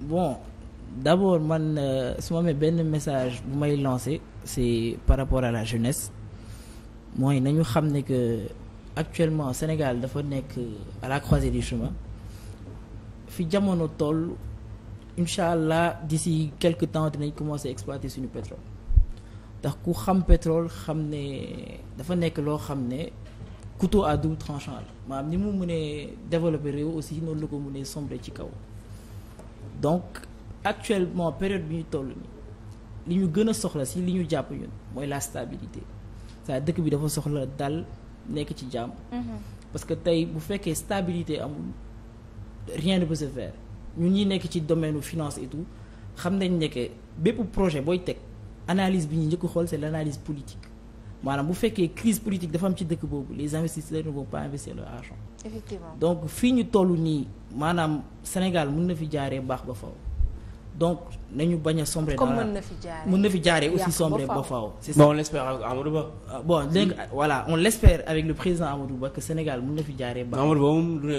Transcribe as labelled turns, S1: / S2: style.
S1: bon d'abord man euh, su ma amee benn message bu may lancer c'est par rapport à la jeunesse mooy nañu xam ne que actuellement Sénégal dafa nekk à la du chemin fi jamono toll incha allah d'ici quelque temps dinañ commencer exploiter suñu pétrole ndax ku xam pétrole xam ne dafa nekk loo xam ne couteau à double tranchant la maanaam ni mu mënee développer réew aussi noonu la ko mënee sombrer ci kaw. donc actuellement période bi ñu toll nii li ñu gën a soxla si li ñu jàpp ñun mooy la stabilité cest dëkk bi dafa soxla dal nekk ci jàmm. Mhm. parce que tey bu fekkee stabilité amul rien ne peut se faire ñun ñi nekk ci domaine finance et tout xam nañ ne bépp projet booy teg analyse bi ñu njëkk xool c'est l'analyse politique. maanaam bu fekkee crise politique dafa am ci dëkk boobu les investisseurs ne vont pas investir leur argent. effectivement donc fii ñu tollu nii maanaam Sénégal mun na fi jaaree baax ba faaw donc nañu bañ a sombrer. comme mën
S2: na fi jaaree mën na fi jaaree aussi sombrer ba faaw.
S1: c'est ça bon on l'espère avec Amadou Ba. Ah, bon léegi voilà on l'espère avec le président Amadou Ba Sénégal mën na fi jaaree baax.